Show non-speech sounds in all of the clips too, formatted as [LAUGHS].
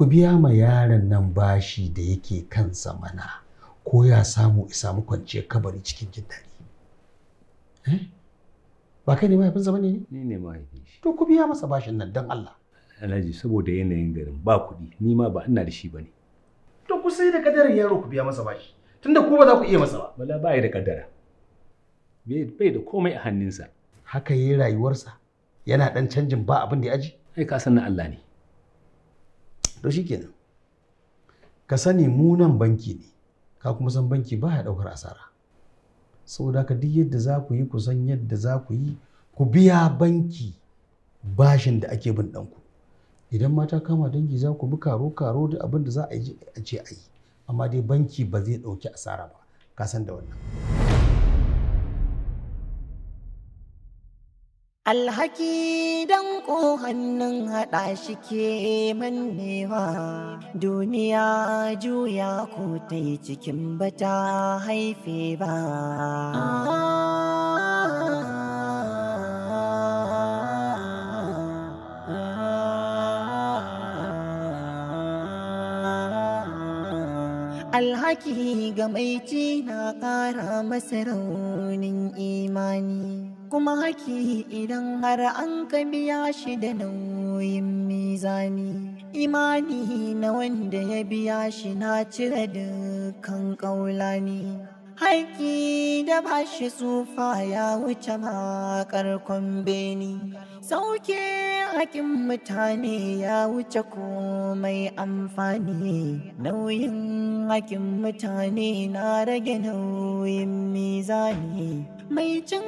ku biya ma yaron nan bashi da yake kansa mana ko ya samu ya samu kwanciyar kabari cikin jin daɗi eh? ba kai ne mahaifinsa zama ne ni ne mahaifin shi to ku biya masa bashin nan dan Allah Alhaji saboda yanayin garin ba kuɗi ni ma ba ina da shi bane to ku sai da kadarin yaro ku biya masa bashi tunda ku ba za ku iya masa ba bala ba da kadara bai da komai a hannunsa haka yayi rayuwarsa yana dan canjin ba abin da ya aji ai ka san na Allah ne to shi kenan ka sani mu nan banki ne ka kuma san banki ba ya daukar asara saboda ka duk yadda za ku yi ku san yadda za ku yi ku biya banki bashin da ake bin ɗanku idan mata kama dangi za ku bi karo karo da abin da za a ce a yi amma dai banki ba zai ɗauki asara ba ka san da wannan Alhaki dan hannun haɗa shi ke mannewa duniya juya ko ta yi cikin bata haife ba. Alhaki ga mai na ƙara masa raunin imani. kuma haki idan har an ka biya shi da nauyin mizani imani na wanda ya biya shi na cire dukkan ƙaulani haiki da bashi tsufa ya wuce makar beni sauke hakin mutane ya wuce komai amfani nauyin hakin mutane na rage nauyin mizani mai cin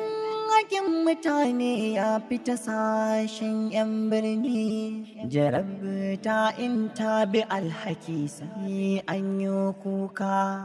hakin mutane ya fita sashen 'yan birni jarabta in ta bi alhaki sai an yi kuka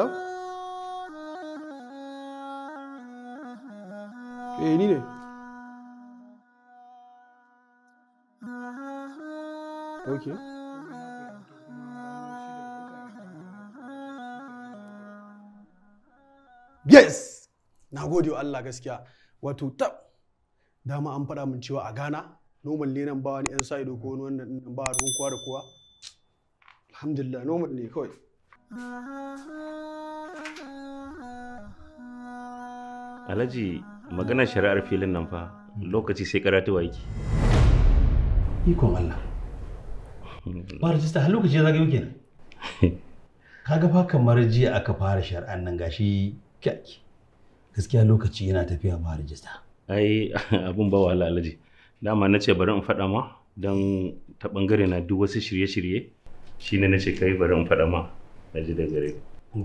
hello eh ni ne okay yes na gode wa Allah gaskiya wato tab dama an faɗa min cewa a Ghana normal ne nan ba wani ɗan sa'ido ko wani wanda nan ba ruwan kowa da kowa alhamdulillah normal ne kawai alhaji magana shari'ar filin nan fa lokaci sai karatuwa yake ikon allah hmm. ba rajista har lokaci zaga yau kenan [LAUGHS] kaga fa kamar jiya aka fara shari'an nan gashi kyaki gaskiya lokaci yana tafiya ba rajista ai [LAUGHS] abun ba wahala alhaji dama na ce bari in faɗa ma don ta ɓangare na duk wasu shirye-shirye shine na ce kai bari in faɗa ma na ji da gare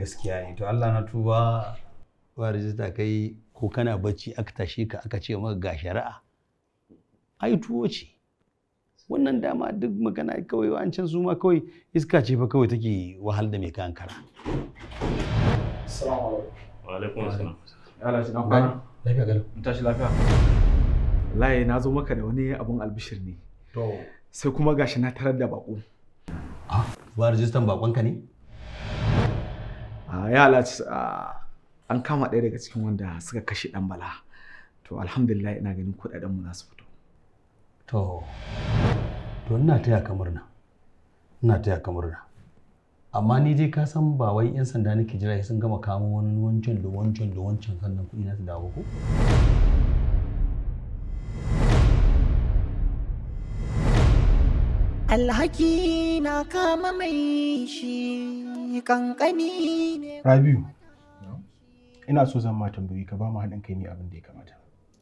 gaskiya ne to Allah na tuba ba rajista kai ko kana bacci aka tashe ka aka ce maka ga shari'a ai tuwo ce wannan dama duk magana kawai wancan su ma kawai iska ce fa kawai take wahal da mai kayan kara assalamu alaikum wa alaikum assalam ala lafiya galo mun tashi lafiya wallahi na zo maka da wani abun albishir ne to sai kuma gashi na tarar da bako ah ba rajistan bakon ka ne a ah, ya ala ah, an kama ɗaya daga cikin wanda suka kashe ɗan bala to alhamdulillah ina ganin kuɗaɗenmu na su fito to to ina taya ka murna ina taya ka murna amma ni dai ka san ba wai yan sanda nake jira sun gama kamo wani wancan da wancan da wancan sannan kuɗi na su dawo ko alhaki na kama mai shi kankani ne rabiu ina so zan ma tambayi ka ba mu haɗin kai ne abin da ya kamata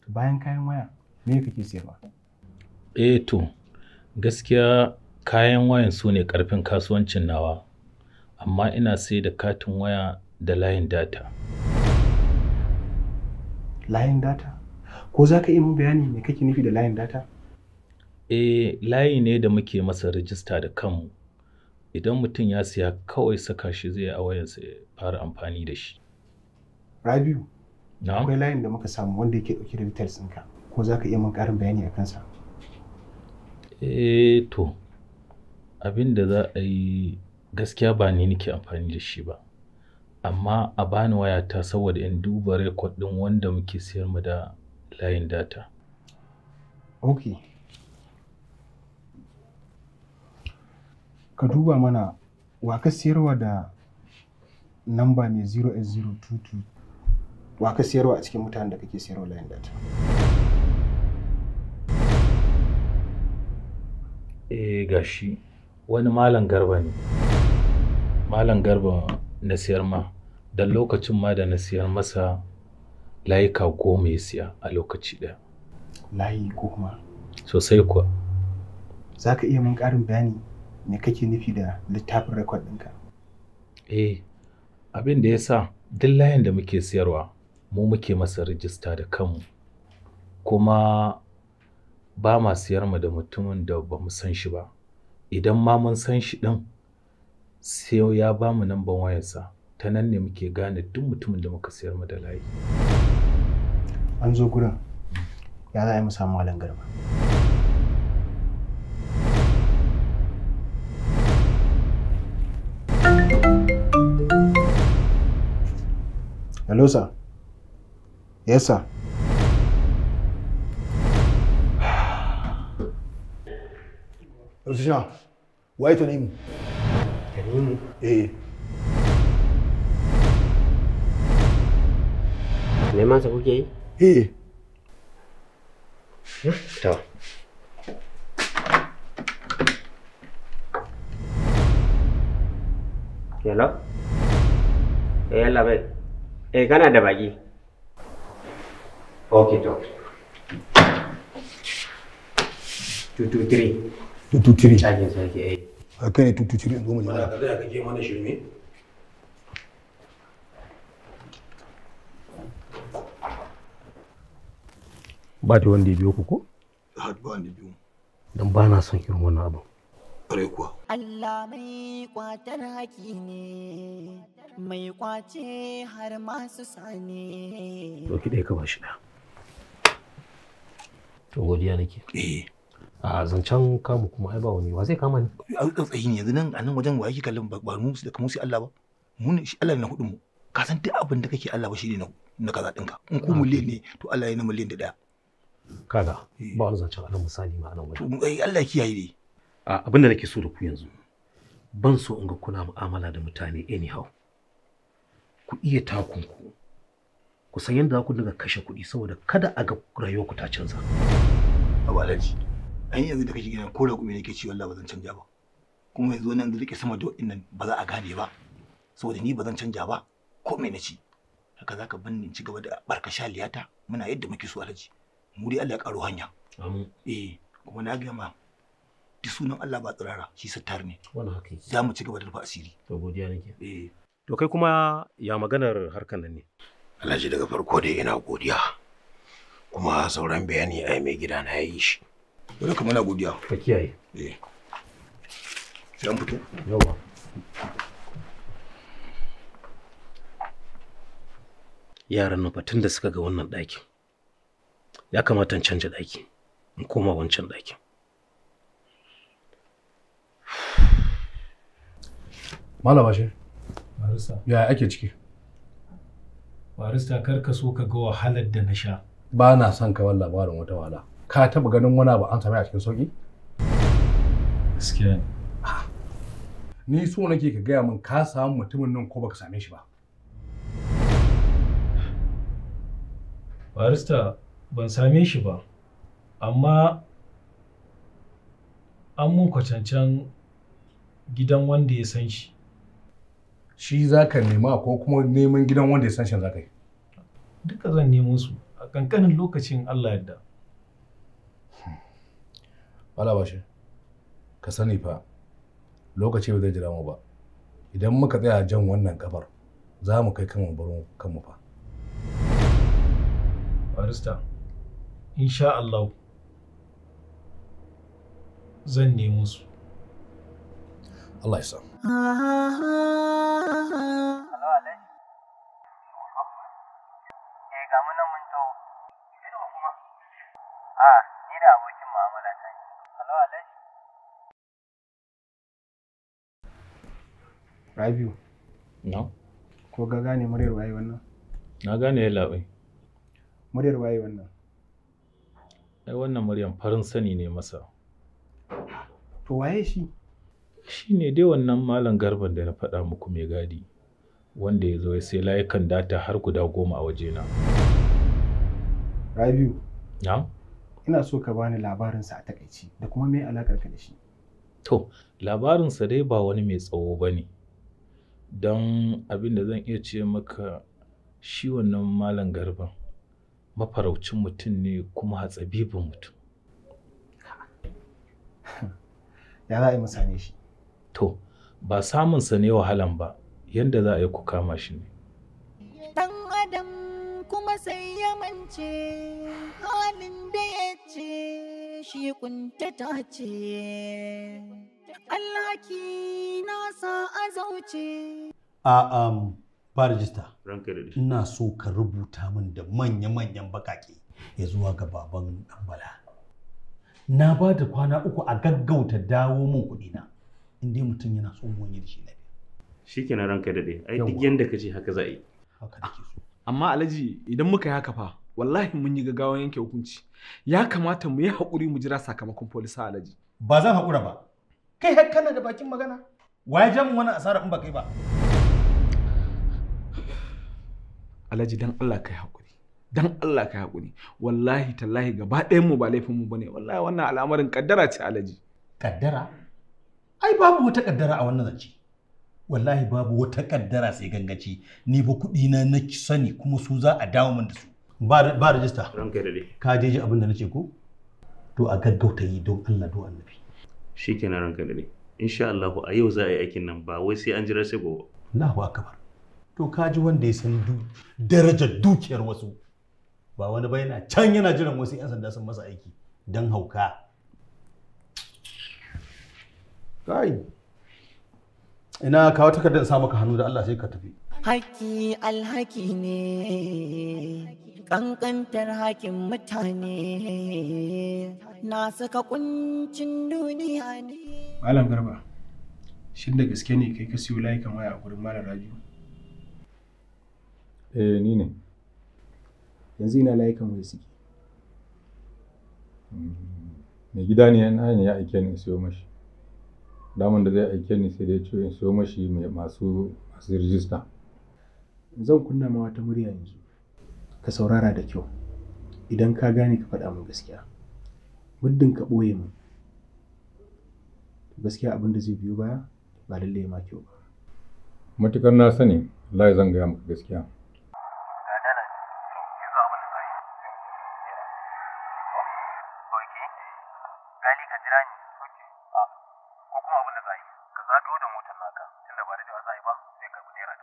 bayan kayan waya me kake siyarwa eh to gaskiya kayan wayan su ne karfin kasuwancin nawa amma ina sai da katin waya da layin data layin data ko za ka yi mun bayani me kake nufi da layin data eh layi ne da muke masa rijista da kanmu idan mutum ya siya kawai saka shi zai a wayansa ya fara amfani da shi Rabiu. Akwai layin da muka samu wanda yake dauke da details ɗinka. Ko za ka iya min ƙarin bayani a kansa? Eh to, abin da za a yi gaskiya ba ni nake amfani da shi ba. Amma a bani waya ta saboda in duba rekod ɗin wanda muke siyar mu da layin data. Ok. Ka duba mana wa ka siyarwa da namba mai 08022 wa ka siyarwa a cikin mutanen da kake siyarwa layin data eh gashi wani malam garba ne malam garba na siyar ma da lokacin ma da na siyar masa layuka goma ya siya a lokaci ɗaya layi goma sosai kuwa za ka iya mun ƙarin bayani me kake nufi da littafin rekod ɗinka eh abin da ya sa duk layin da muke siyarwa mu muke masa rijista da kanmu kuma ba ma siyar mu da mutumin da ba mu san shi ba idan ma mun san shi ɗin sai ya ba mu namban wayarsa ta nan ne muke gane duk mutumin da muka siyar mu da layi an zo gurin ya za a yi mu samu malam garba Hello, sir. Yes, sir. Eh. Neman sa kuke yi? Eh. Eh, Allah bai. Eh, kana da baki. Okay, doctor. Two, two, three. Two, two, three. A kai ne two, in mana shirme? Ba ta wanda ya biyo ku ko? Ba wanda ya biyo. Dan ba na son irin wannan kare kuwa. Allah mai kwatar haƙi ne, mai kwace har masu sane Doki ka ba shi ɗaya. to godiya nake eh a zancen kamu kuma ai ba wani wa zai kama ni a tsautsayi ne yanzu nan a nan wajen waye kallon ba mu da kuma su Allah ba mu ne shi Allah ne na hudu mu ka san duk abin da kake Allah ba shi ne na kaza ɗinka in ku ah, miliyan ne to Allah ya na miliyan da daya. kaga eh. ba wani zancen anan misali ma nan wajen to eh, allah Allah kiyaye ne abin da nake so da ku yanzu ban so in ga kuna mu'amala da mutane anyhow ku iya takunku ku san yadda za ku dinga kashe kuɗi saboda kada a ga ku ta canza. a balaji an yanzu da kake gidan ko da kuma nake ci wallahi ba zan canja ba kuma yanzu nan da rike sama da nan ba za a gane ba saboda ni ba zan canja ba ko me na ci haka zaka ban ni ci gaba da barka shaliyata muna yadda muke so alaji mu dai Allah ya karo hanya amin eh kuma na ga ma sunan Allah ba tsirara shi sattar ne wannan haka za mu ci gaba da rufa asiri to godiya nake eh to kai kuma ya maganar harkan nan ne Alhaji daga farko dai ina godiya kuma sauran bayani a mai gida na yi shi wani kuma na godiya ka kiyaye eh sai an fito yawa yaran nan tun da suka ga wannan ɗakin ya kamata in canja ɗaki in koma wancan ɗakin malama shi barista ya ake ciki barista kar ka so ka ga wahalar da na sha ba na son kamar labarin wata wala ka taba ganin wani abu an same a cikin sauki gaskiya ne ni so nake ka gaya min ka samu mutumin nan ko baka same shi ba barista ban same shi ba amma an mun kwatancan gidan wanda ya san shi shi za ka nema ko kuma neman gidan wanda ya san shi za ka yi duka zan nemo su a ƙanƙanin lokacin Allah yadda. Bala bashi, ka sani fa lokaci ba zai jira mu ba. Idan muka tsaya jan wannan kafar za mu kai kanmu barin kanmu fa. Barista, insha Allah zan nemo su. Allah ya sa. Ah, ah, ah, Rabiu. Na? Ko ga gane muryar waye wannan? Na gane yalla bai. Muryar waye wannan? Ai wannan muryar farin sani ne masa. To waye shi? Shi ne dai wannan malam garban da na faɗa muku mai gadi. Wanda ya zo ya sai layukan data har guda goma a wajena. Rabiu. Na? Ina so ka bani labarinsa a takaici da kuma me alakar ka da shi. To, labarinsa dai ba wani mai tsawo ba ne. don abin da zan iya ce maka shi wannan malam garba mafaraucin mutum ne kuma hatsabibin mutum [LAUGHS] ya za a yi musane shi to ba samun ne wahalan ba yadda za a yi ku kama shi ne dan adam kuma sai ya mance halin da ya ce shi kuntata ce ki nasa azauce a um, ba rajista ina so ka rubuta min da manya-manyan bakake ya zuwa ga baban Ambala. na ba da kwana uku a gaggauta dawo min kuɗina inda mutum yana so mun yi da shi na shi kenan ranka daɗe ai duk yadda ka ce haka za a yi amma alhaji idan muka yi haka fa wallahi mun yi gaggawa yanke hukunci ya kamata mu yi haƙuri mu jira sakamakon polisa alhaji ba zan haƙura ba kai har da bakin magana wa ya ja min wani asara in ba kai ba alhaji dan Allah kai haƙuri dan Allah kai haƙuri wallahi tallahi gaba ɗayan mu ba laifin mu bane wallahi wannan al'amarin kaddara ce alhaji kaddara ai babu wata kaddara a wannan zance wallahi babu wata kaddara sai gangaci ni ba kuɗi na na sani kuma su za a dawo min da su ba rajista ranka da ka je ji abin da nace ko to a gaggauta yi don Allah do annabi shikenan ranka da dai insha Allah a yau za a yi aikin nan ba wai sai an jira sai gobe Allahu akbar to ji wanda ya san du darajar dukiyar wasu ba wani ba yana can yana jiran wasu 'yan sanda sun masa aiki don hauka kai ina kawo takardar sa maka hannu da Allah sai ka tafi haƙƙi alhaki ne ƙanƙantar haƙin mutane na saka kuncin duniya ne malam garba shin da gaske ne kai ka siyo layukan waya a gurin malam raju Eh, ni ne. Yanzu ina layukan wai suke. Mm, mai gida ne yana ne ya aike ni in siyo mashi. Daman da zai aike ni sai dai ce in siyo mashi mai masu masu rijista. Zan kunna ma wata murya yanzu. Ka saurara da kyau. Idan ka gane ka faɗa min gaskiya. Muddin ka ɓoye min. Gaskiya abin da zai biyo baya ba lallai ma kyau ba. Matukar na sani, Allah zan gaya maka gaskiya. a ah, ko kuma abin da za yi ka zagayo da motar naka tunda ba da jawa za yi ba sai ka bi naira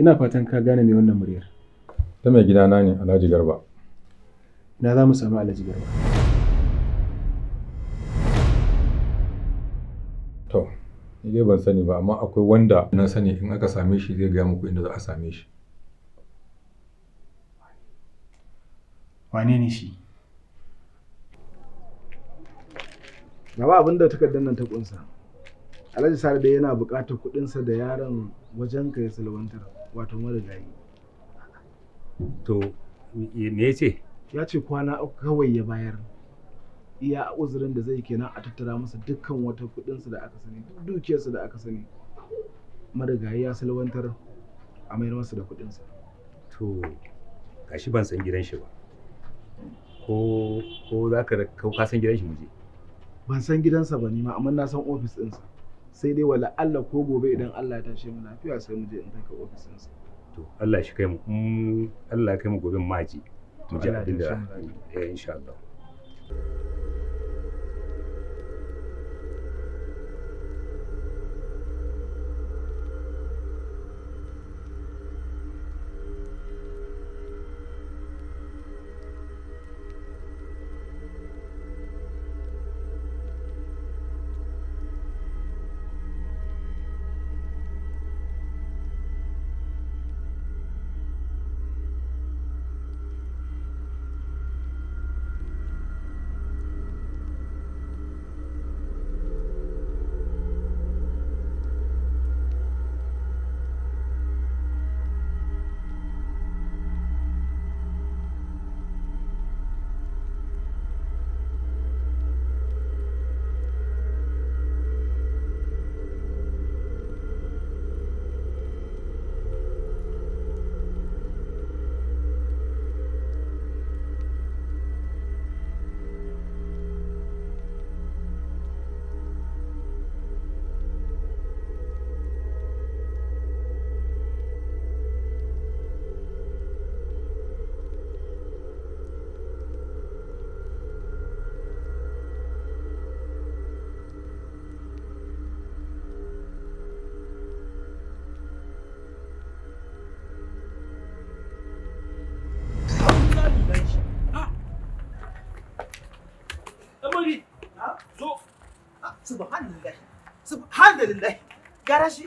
ina fatan ka gane me wannan muryar ta mai gidana ne alhaji garba na za mu samu alhaji garba to ni dai ban sani ba amma akwai wanda na sani in aka same shi zai gaya muku inda za a same shi wane ne shi ba abin da takardar nan ta kunsa. Alhaji Sale dai yana buƙatar kudinsa da yaron wajen ka ya salwantar wato marigayi. To me ya ce? Ya ce kwana kawai ya bayar. Iya uzurin da zai kenan a tattara masa dukkan wata kudinsa da aka sani duk dukiyarsa da aka sani. Marigayi ya salwantar a mayar masa da kudinsa To gashi ban san gidan shi ba. Ko ko za ka san gidan shi mu je. ban san gidansa ba ne ma amma na san ofis ɗinsa sai dai wala Allah ko gobe idan Allah ya tashi mu lafiya sai mu je in kai ofis ɗinsa to Allah shi kai mu Allah ya kai mu gobe maji mu je a dinda eh, insha Allah subhanallah subhanallah gara shi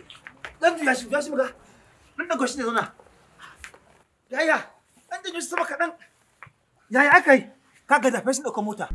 dan juya shi juya shi muga nan da goshi ne zauna yaya dan juya shi sama kaɗan yaya aka yi kaga da fashin ɗaukar mota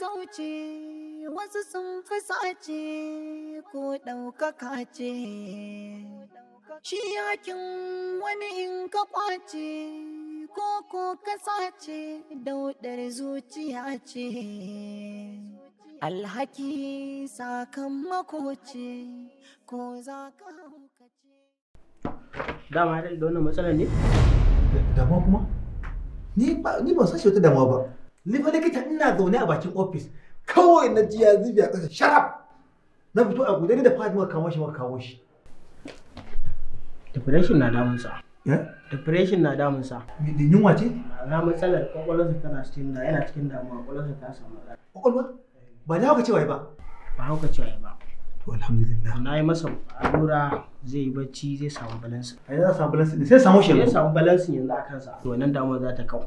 zauce wasu sun fi sace ko ɗaukaka ce shi yakin wani in ka kwace ko ko ka sace daudar zuciya ce alhaki sakamako ce ko za ka ce dama da wannan matsalar ne? dama kuma? ni ba san shi wata dama ba ni fa likita ina zaune a bakin ofis kawai na ji ya zubi a ƙasa sharaf na fito a gudani da fadi maka kawo shi maka kawo shi depression na damun sa eh? depression na damun sa me din yunwa ce na matsalar kwakwalwarsa tana cikin da yana cikin damuwa kwakwalwarsa ta samu da. kwakwalwa ba da hauka cewa ba ba hauka cewa ba to alhamdulillah na yi masa allura zai yi bacci zai samu balansin a yanzu za samu balansin sai samu shi Sai samu balansin yanzu a kansa to wannan damuwa za ta kawo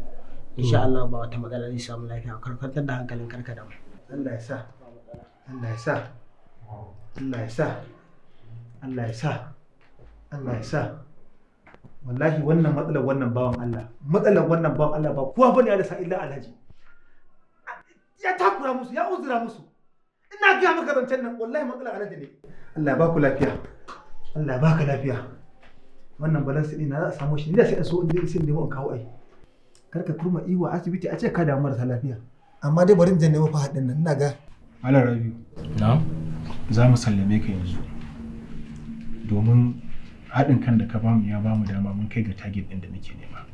insha hmm. Allah ba wata magana zai samu lafiya karkatar da hankalin karka da mu Allah ya sa Allah ya sa Allah ya sa Allah ya sa Allah ya sa wallahi wannan matsalar wannan bawan Allah matsalar wannan bawan Allah ba kowa bane ya sa illa alhaji ya takura musu ya uzura musu ina ga maka zancen nan wallahi matsalar alhaji ne Allah ya ba ku lafiya Allah ya ba ka lafiya wannan balansu din na za a samu shi ne sai an so in sai in nemo in kawo ai kar ka turma iwa asibiti a ce ka damu marasa lafiya amma dai bari da nemo fahad din nan ina ga Ala rabi na za mu sallame ka yanzu domin haɗin kan da ka bamu ya bamu dama mun kai ga target ɗin da muke nema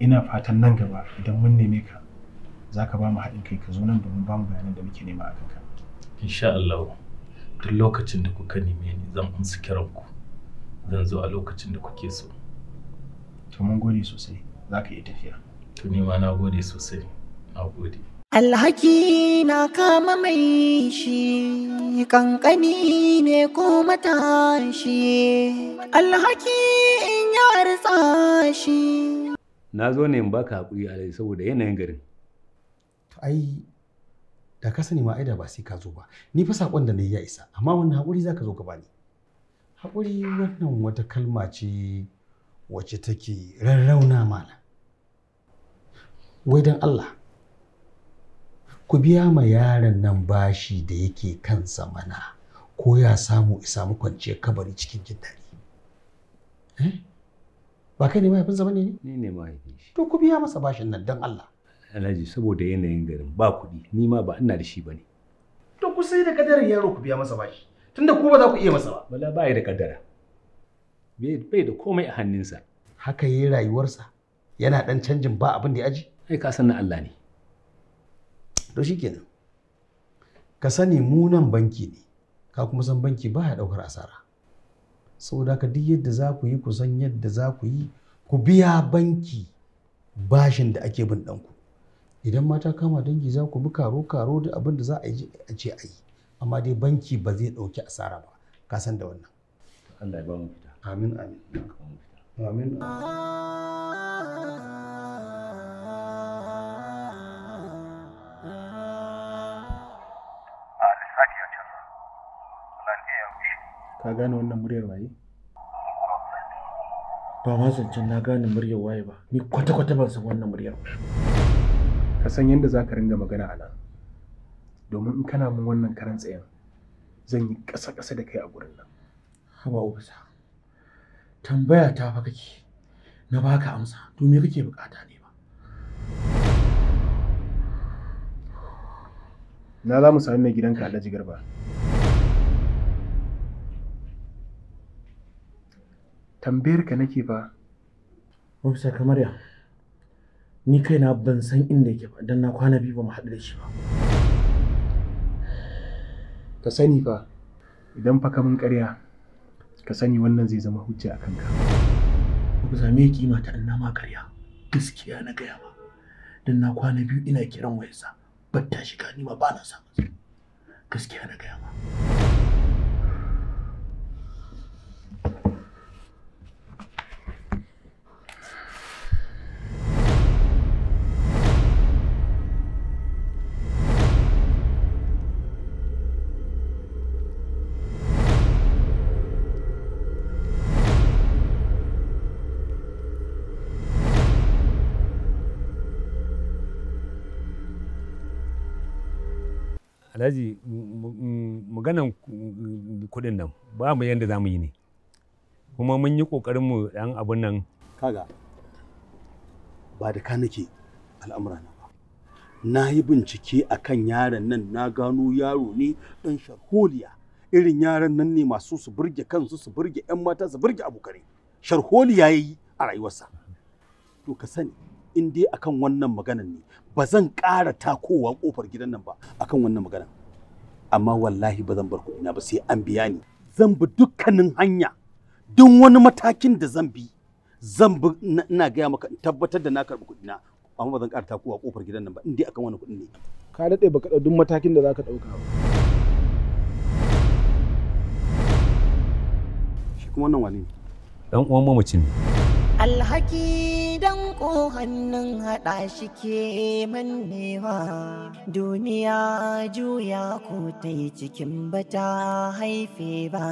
ina fatan nan gaba idan mun neme ka za ka bamu haɗin kai ka zo nan domin bamu bayanan da muke nema a ka. insha Allah duk lokacin da kuka neme ni zan amsa kiran ku zan zo a lokacin da kuke so to mun gode sosai za ka iya tafiya tuni ma na gode sosai na gode alhaki na kama mai shi kankani ne ko matashi alhaki in ya rutsa shi na zo ne in baka haƙuri alai saboda yanayin garin to ai da ka sani ma ai da ba sai ka zo ba ni fa saƙon da na yi ya isa amma wani haƙuri za ka zo ka bani haƙuri wannan wata kalma ce wacce take rarrauna malam wai don Allah ku biya ma yaron nan bashi da yake kansa mana ko ya samu ya samu kwanciyar kabari cikin jin daɗi eh? ba kai ne mahaifinsa ba ne ne ne mahaifin shi to ku biya masa bashin nan don Allah Alhaji saboda yanayin garin ba kuɗi ni ma ba ina da shi bane to ku sai da kadarin yaro ku biya masa bashi tunda ku ba za ku iya masa ba bala ba da kadara bai da komai a hannunsa haka yi rayuwarsa yana dan canjin ba abin da ya aji ai ka san na Allah ne to shikenan ka sani mu nan banki ne ka kuma san banki ba ya daukar asara saboda ka duk yadda za ku yi ku san yadda za ku yi ku biya banki bashin da ake bin ɗanku idan mata kama dangi za ku bi karo karo da abin da za a ce a yi amma dai banki ba zai ɗauki asara ba ka san da wannan Allah ya ba mu fita amin amin amin ka gane wannan muryar waye ba ma zancen na gane muryar waye ba ni kwata-kwata ban san wannan muryar ka san yadda za ka ringa magana a nan domin in kana min wannan karan tsayen zan yi ƙasa-ƙasa da kai a gurin nan haba ubasa tambaya ta fa kake na baka amsa to me kake bukata ne ba na za mu sami mai gidanka alhaji garba tambayar ka nake ba Officer Kamariya ni kaina ban san inda yake ba dan na kwana biyu ba mu haɗu da shi ba ka sani fa idan fa ka ƙarya ka sani wannan zai zama hujja a kanka Officer me kima ta ma ƙarya gaskiya na gaya ba dan na kwana biyu ina kiran wayarsa ta shiga ni ma ba na samu gaskiya na gaya ma alhaji maganan kuɗin nan ba mu yadda za mu yi ne kuma mun yi ƙoƙarin mu ɗan abun nan kaga ba da ka nake al'amura na ba na yi bincike a kan yaran nan na gano yaro ne ɗan sharholiya irin yaran nan ne masu su burge kansu su burge 'yan mata su burge abokare sharholiya ya yi a rayuwarsa to ka sani in dai akan wannan maganan ne ba zan ƙara takowa kofar gidan nan ba akan wannan maganan amma wallahi ba zan bar kuɗina ba sai an biya ni zan bi dukkanin hanya duk wani matakin da zan bi zan bi ina gaya maka in tabbatar da na karɓi kuɗina amma ba zan ƙara takowa kofar gidan nan ba in dai akan wani kuɗin ne ka daɗe baka ɗau duk matakin da zaka ɗauka ba shi kuma wannan wani ne dan uwan mamacin ne alhaki don ko hannun haɗa shi ke mannewa duniya juya ko ta yi cikin bata haife ba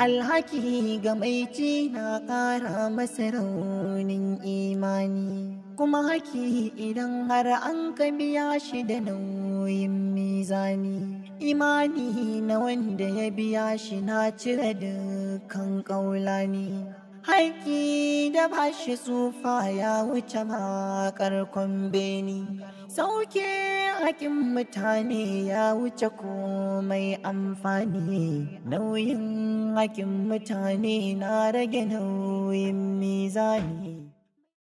alhaki ga mai na ƙara masa raunin imani kuma haki idan har an ka biya shi da nauyin mizani imani na wanda ya biya shi na cire dukkan ƙaulani haƙi da ba shi tsufa ya wuce makarkon beni sauke haƙin mutane ya wuce komai amfani nauyin haƙin mutane na rage nauyin mizani